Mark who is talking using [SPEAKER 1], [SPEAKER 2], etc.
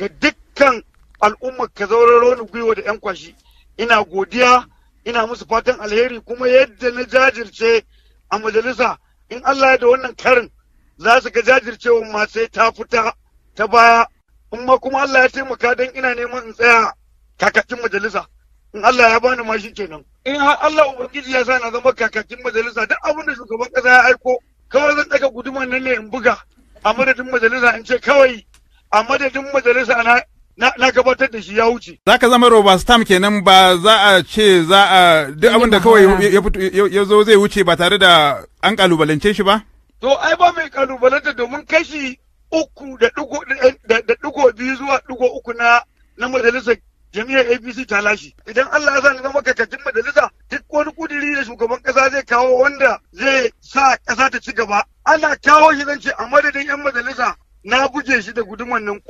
[SPEAKER 1] ga dukkan al'ummar ka zauren roni gwiwa da 'yan kwashi ina godiya ina musu fatan alheri kuma yadda na jajirce a majalisa in Allah ya da wannan karin za su ga jajircewa ma sai ta fita ta baya in ma kuma Allah ya taimaka don ina neman in tsaya kakakin majalisa in Allah ya bani ma shi kenan in har Allah ubangiji ya sa na zama kakakin majalisa duk abin da shugaban kasa ya aiko kawai zan daga guduman nan ne in buga a madadin majalisa in ce kawai a madadin majalisa na na gabatar da shi ya wuce.
[SPEAKER 2] Za ka zama roba stam kenan ba za a ce za a duk abin kawai ya zo zai wuce ba tare da an kalubalance shi ba?
[SPEAKER 1] To ai ba mai kalubalanta domin kashi uku da ɗigo biyu zuwa ɗigo uku na na majalisar jami'ar APC ta lashi Idan Allah ya sa na zama majalisa duk wani kudiri da shugaban kasa zai kawo wanda zai sa ƙasa ta ci gaba. Ana kawo shi zan ce a madadin 'yan majalisa na guje shi da guduman nan